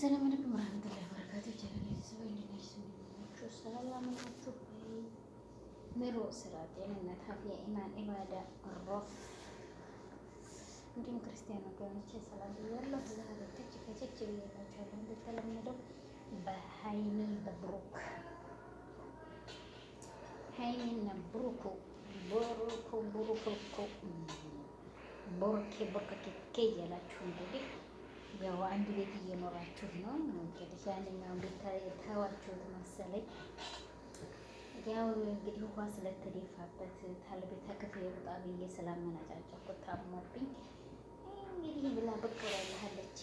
አሰላም አለይኩም ወራህመቱላሂ ወበረካቱህ። ቤተሰብ እንዲናችሁ ሰላማችሁ ምሮ ስራ፣ ጤንነት፣ አፍያ፣ ኢማን፣ ኢባዳ ሮፍ እንዲሁም ክርስቲያን ወገኖች ሰላም ብያለሁ። ዛሬ ተች ከቸች ብያላችኋለሁ። እንደተለመደው በሀይሚ በብሩክ ሀይሚና ብሩኩ ብሩኩ ብሩኩ ቡርኬ ቡርኬ እያላችሁ እንግዲህ ያው አንድ ቤት እየኖራችሁ ነው እንግዲህ ቤት ተዋችሁት መሰለኝ። ያው እንግዲህ ውሃ ስለተደፋበት ታልቤታ ክፍል የወጣ ብዬ ስላመናጫጨኩት ታሞብኝ እንግዲህ ብላ ብቅ ብላለች።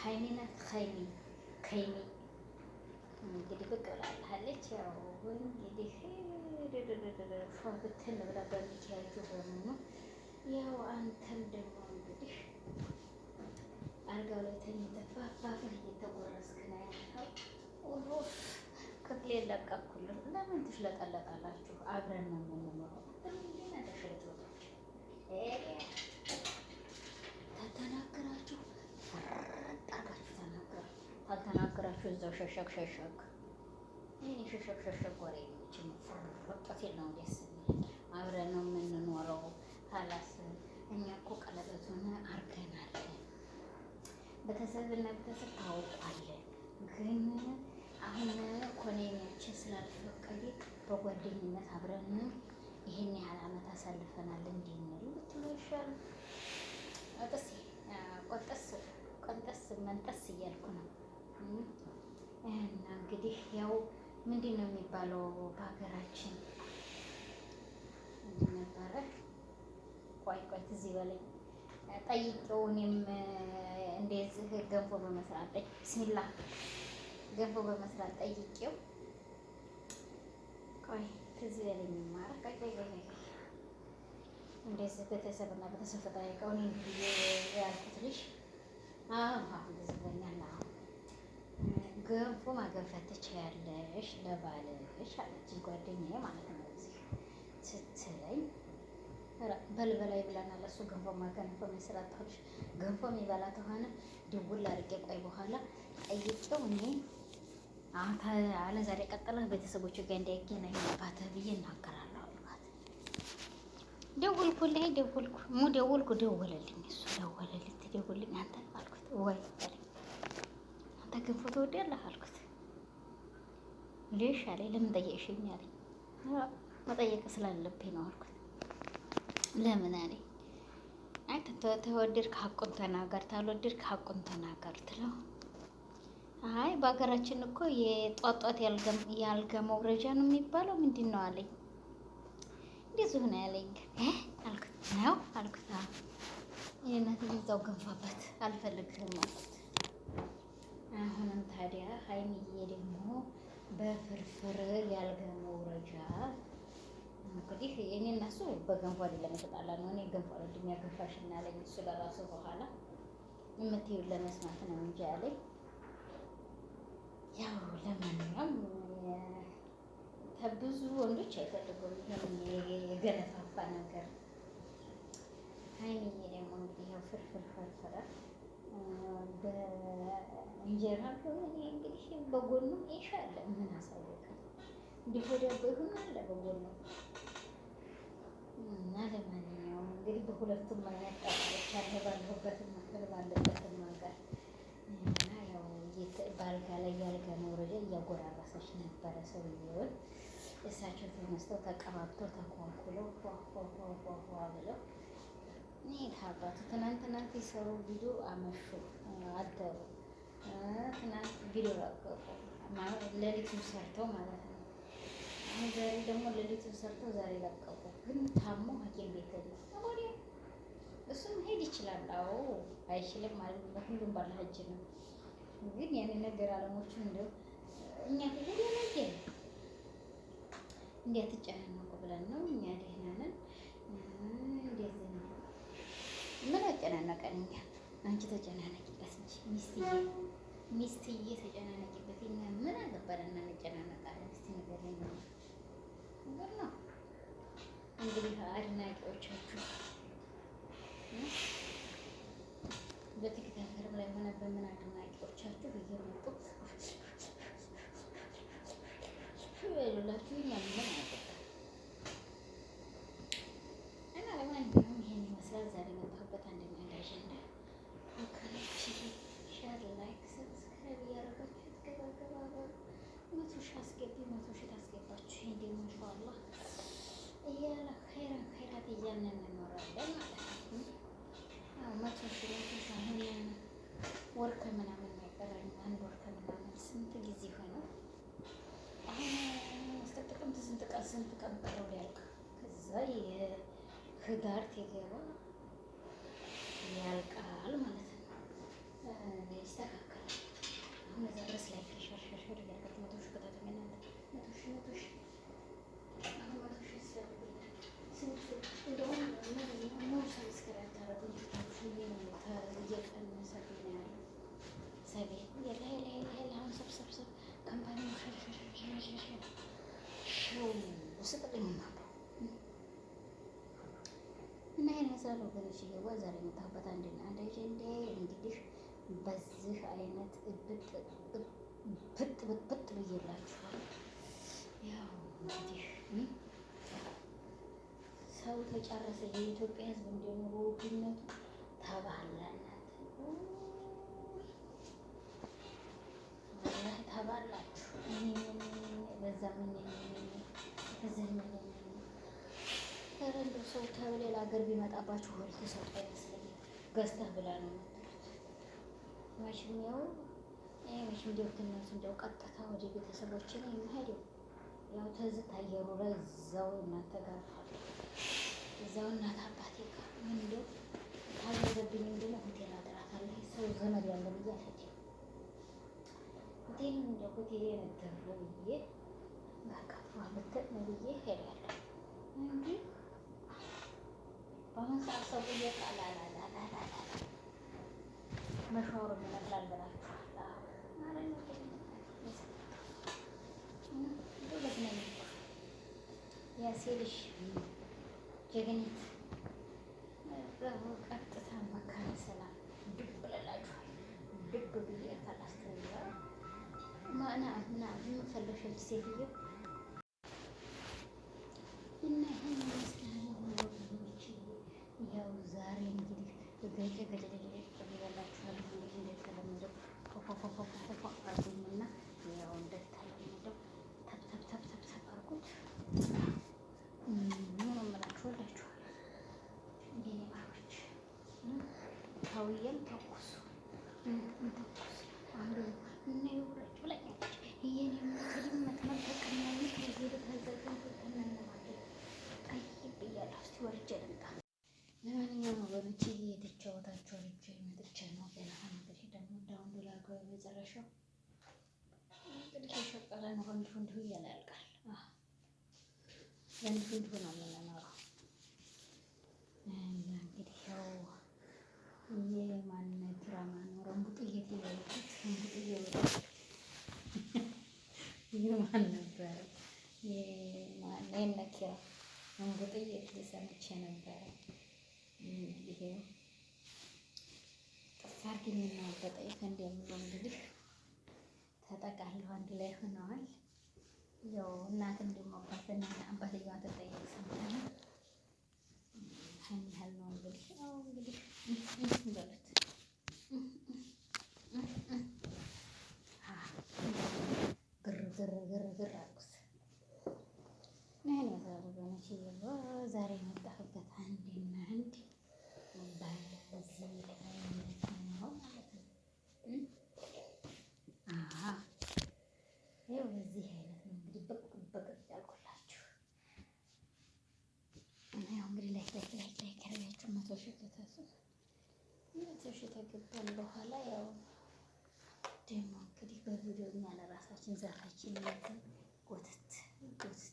ሀይሚ ሀይሚ ከይሚ እንግዲህ ብቅ ብላለች። ያው እንግዲህ ብትን ብላ በሚኪያጁ ነው ያው አንተም ደግሞ እንግዲህ አልጋው ላይ ተኝተህ ባፍህ እየተጎረስክ ነው ያለው። ክፍሌ ለቀኩልን። ለምን ትሽለጠለጣላችሁ? አብረን ነው የምንኖረው። ካልተናገራችሁ እዛው ሸሸግ ሸሸግ ይህ ሸሸግ ሸሸግ ወሬ ችን ነው ደስ አብረን ነው የምንኖረው። ካላስ እኛ እኮ ቀለበቱን አርገን በተሰብና በተሰብ ታውቋል። ግን አሁን ኢኮኖሚያችን ስላልፈቀደ በጓደኝነት አብረን ይህን ያህል ዓመት አሳልፈናል እንዲሚሉ ብትሉ ይሻል። ጥሴ ቆጠስ ቆንጠስ መንጠስ እያልኩ ነው። እና እንግዲህ ያው ምንድን ነው የሚባለው በሀገራችን ነበረ። ቆይ ቆይ ትዝ ይበለኝ ጠይቄው እኔም እንደዚህ ገንፎ በመስራት ጠይ ቢስሚላ ገንፎ በመስራት ጠይቄው፣ ቆይ ትዝ ያለኝ ማረ ቀይ እንደዚህ ቤተሰብና ቤተሰብ ተጠያይቀው እኔ ያልኩት ልጅ ዝበኛና ገንፎ ማገንፋት ትችያለሽ ለባልሽ አለችኝ ጓደኛዬ ማለት ነው። በልበላይ ብለናል። እሱ ገንፎ ገንፎ መስራት ታውሽ ገንፎ የሚበላ ተሆነ ድውል አድርጌ ቆይ በኋላ ጠይቄው እኔ አንተ አለ ዛሬ ቀጥለህ ቤተሰቦቹ ጋር እንዳይገናኝ አባትህ ብዬ እናገራለሁ አልኳት። ደውልኩ ላይ ደውልኩ ሙ ደውልኩ ደወለልኝ። እሱ ደወለልኝ ትደውልኝ አንተ አልኩት። ወይ አንተ ገንፎ ትወዳለህ አልኩት። ልሽ አለ ለምን ጠየቅሽኝ አለኝ። መጠየቅ ስላለብኝ ነው አልኩት። ለምን አይ ተወደድክ ሀቁን ተናገር፣ ታልወደድክ ሀቁን ተናገር ትለው። አይ በሀገራችን እኮ የጧጧት ያልገ መውረጃ ነው የሚባለው ምንድን ነው አለኝ። እንደዚሁ ነው ያለኝ አልኩት። ነው አልኩት። ይህነት እዛው ገንፋበት አልፈልግህም አልኩት። አሁንም ታዲያ ሀይሚዬ ደግሞ በፍርፍር ያልገ መውረጃ እንግዲህ እኔ እና በገንፎ አይደለም የተጣላነው። እኔ ገንፎ አልወድም ያገፋሽና አለኝ። እሱ ለራሱ በኋላ የምትሄዱ ለመስማት ነው እንጂ አለኝ። ያው ለማንኛውም ከብዙ ወንዶች አይፈልጉም ይሄን የገረፋፋ ነገር። ሀይሚዬ ደግሞ እንግዲህ ያው ፍርፍር ፈርፈረ በእንጀራ ከሆነ እንግዲህ በጎኑ ይሻለ ምን አሳወቀ እንዲህ ይሁን አለ በጎኑ እና ለማንኛውም እንግዲህ በሁለቱም አይነት ጣጣዎች አለ፣ ባለበትም ሀገር እና ያው በአልጋ ላይ የአልጋ መውረጃ እያጎራረሰች ነበረ ሰውዬውን። እሳቸው ተነስተው ተቀባብተው ተኳኩለው ፏፏፏፏ ብለው ይህ ታባቱ ትናንት ትናንት የሰሩ ቪዲዮ አመሹ አደሩ። ትናንት ቪዲዮ ረቀቁ ሌሊቱን ሰርተው ማለት ነው አሁን ዛሬ ደግሞ ሌሊቱን ሰርቶ ዛሬ ለቀቁ። ግን ታሞ ሐኪም ቤት ሄዱ። ወዲያ እሱም ሄድ ይችላል። አዎ አይችልም ማለት ነው። ሁሉም ባለ ሀጅ ነው። ግን ያን ነገር አለሞቹ እንደው እኛ ከሄድ ነገ እንዴት ተጨናነቁ ብለን ነው እኛ ደህና ነን። እንዴት ነው ምን አጨናነቀን እኛ? አንቺ ተጨናነቂበት እንጂ ሚስትዬ ሚስትዬ ተጨናነቂበት። እኛ ምን አገባን? እናንጨናነቃለን። እስኪ ንገሪኝ ነው ነገር ነው። እንግዲህ አድናቂዎቻችሁ በቲክቶከርም ላይ ሆነ በምን አድናቂዎቻችሁ እየመጡ ይሉላችሁ ያለ ከቀረኝ አንድ ወር ከምናምን ስንት ጊዜ ሆነ። እስከ ጥቅምት ስንት ቀን ስንት ቀን ቀረው ያልክ ከዛ የህዳር ተገባ ያልቃል ማለት ነው። ይስተካከላል። አሁን እዛ ድረስ ላይ ሸርሸርሸር ያለበት መቶ ሺህ ከታተመና መቶ ሺህ መቶ ሺህ ስጥልኝ እናቱ እና ይሄን ሀሳብ ወገኖች እየዋ ዛሬ የመጣሁበት አንድና አንድ አጀንዳ እንግዲህ በዚህ አይነት ብጥ ብጥ ብዬላችኋል። ያው እንግዲህ ሰው ተጨረሰ። የኢትዮጵያ ሕዝብ እንደኑሮ ውድነቱ ተባላናት ተባላችሁ በዛ ምን ከዚህ ሰው ተሌላ ሀገር ቢመጣባችሁ ወልክ ሰው አይመስለኝም። ገዝተህ ብላ ነው መቼም ያው መቼም እንዲያው ትናንት እንዲያው ቀጥታ ወደ ቤተሰቦች ነው የምሄደው። ያው ተዝት አየሩ ላይ እዛው እናንተ ጋር እዛው እናት አባቴ ጋር ምን እንዲያው ታዘዘብኝ እንደሆነ ሆቴል አጥራታለሁ። ሰው ዘመድ ያለ ብዬ አልሄድም። ሆቴል እንዲያው ሆቴል የነበረው ብዬ ግጥም ብዬ ሄዳለሁ እንጂ በአሁን ጀግኒት ቀጥታ መካነ ሰላም ድብ ብለላችኋል። ድብ ብዬ ማና ምና ሴትዮ እና ይሄን ያው ዛሬ እንግዲህ ገጨ ገጨ ገጨ ብያላችኋል። እንግዲህ እንደተለመደው ኮኮኮኮኮኮ አርጉኝና ያው እንደተለመደው ተብተብተብተብ አርጉት። ምን ማሮች። ተኩሱ አንዱ እና ይውረ መጨረሻው እንግዲህ የሸቀለ ነው። እንዲሁ እንዲሁ እያለ ያልቃል። እንዲሁ እንዲሁ ነው የምንኖረው። እንግዲህ ያው የማንነት ድራማ ኖረ እንቡጥዬ ወደፊት እንቡጥዬ የማን ነበረ የነኪራ እንቡጥዬ ሰምቼ ነበረ ይሄ አግኝና እንግዲህ ተጠቃለሁ አንድ ላይ ሆነዋል። ያው እናት ደግሞ አባትየዋ ተጠየቅ ሰምተን ያህል ነው እንግዲህ ያው እንግዲህ ግር ግር ግር ግር አልኩት። ይህን በመቼ ዛሬ የመጣሁበት አንድ እሺ ከገባን በኋላ ያው ደግሞ እንግዲህ በቪዲዮ እኛ ለራሳችን ዛፋችን ይዘን ጎትት ጎትት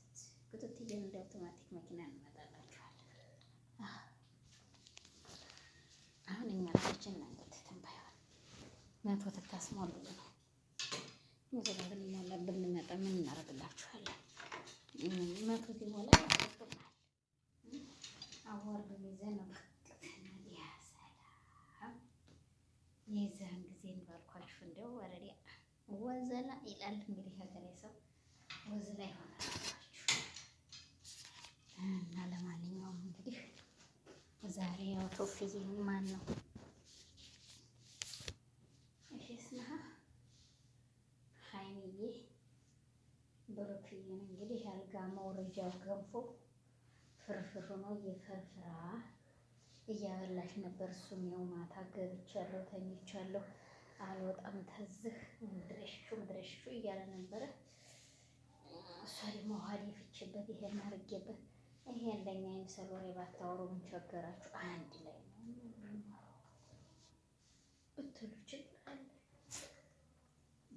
ጎትት እያልን እንደ አውቶማቲክ መኪና እንመጣላችኋለን። አሁን እኛ ራሳችን እናንጎትትን ባይሆን እናንተ ወተት ነው ወተት ሞላብን እንመጣ ምን እናደርግላችኋለን መቶ ሞላ ወዘላ ይላል እንግዲህ ሀገሬ ሰው ወዘላ ይሆናል እና ለማንኛውም እንግዲህ ዛሬ ያው ቶፍዬ ማን ነው እሺ፣ ስና ሀይሚዬ ብሩክዬን እንግዲህ አልጋ መውረጃው ገንፎ ፍርፍር ሆኖ እየፈርፍራ እያበላሽ ነበር። እሱም ያው ማታ ገብቻለሁ ተኝቻለሁ አልወጣም ተዝህ ድረሹ ድረሹ እያለ ነበረ። እሷ ደግሞ ውሃ ፍቼበት ይሄን አድርጌበት ይሄን ለእኛ የምሰል ወሬ ባታወሩ ምን ቸገራችሁ? አንድ ላይ ብትሉ ችግር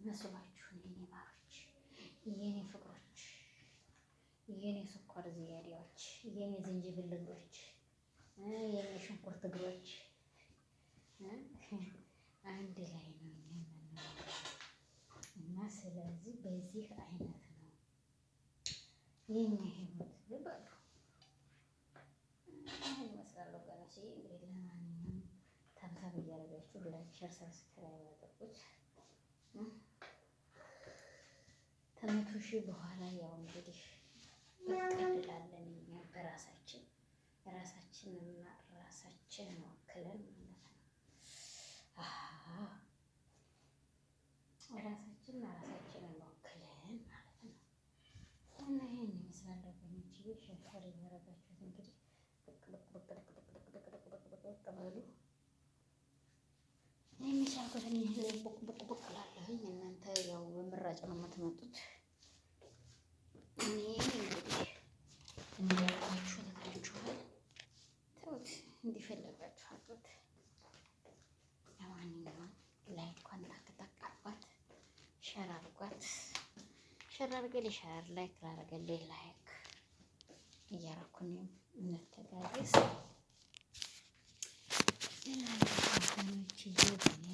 መስሏችሁን? የኔ ማሮች፣ የኔ ፍቅሮች፣ የኔ ስኳር ዝያዴዎች፣ የኔ ዝንጅብል እግሮች፣ የኔ ሽንኩርት እግሮች አንድ ላይ ነው የምንኖረው እና ስለዚህ በዚህ አይነት ነው የኛ ህይወት ይባሉ ይመስላሉ። ገናሽ እንግዲህ ለማንኛውም ታብታብ እያደረጋችሁ ላይክ፣ ሸር፣ ሰብስክራይብ አድርጉት። ከመቶ ሺህ በኋላ ያው እንግዲህ እንቀጥላለን እኛ በራሳችን ራሳችንና ራሳችን ወክለን ማለት ነው። በሉ የሚሻልኩትን ይህን ቡቅ ቡቅ እናንተ ያው በምራጭ ነው የምትመጡት። እንዲያውቃችሁ ተታችኋል። ተውት፣ እንዲፈለጋችሁ አድርጉት። ለማንኛውም ላይኳን ታክታክ አርጓት፣ ሸር አርጓት፣ ሸር አርገል፣ ሸር ላይክ ላረገልኝ ላይክ እያረኩኝ እንተጋገዝ በእኔ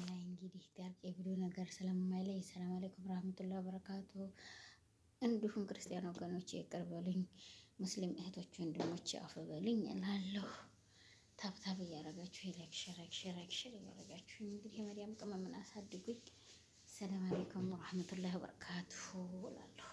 ላይ እንግዲህ የቪዲዮ ነገር ስለማይለይ ሰላም አለይኩም ረህመቱላህ በረካቱ። እንዲሁም ክርስቲያን ወገኖች ይቅር በሉኝ፣ ሙስሊም እህቶች ወንድሞች አፍ በሉኝ እላለሁ። ታብታብ እንግዲህ የመዲያም ቅመምን አሳድጉኝ። ሰላም አለይኩም በረካቱ እላለሁ።